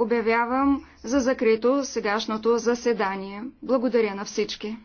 Обявявам за закрито сегашното заседание. Благодаря на всички.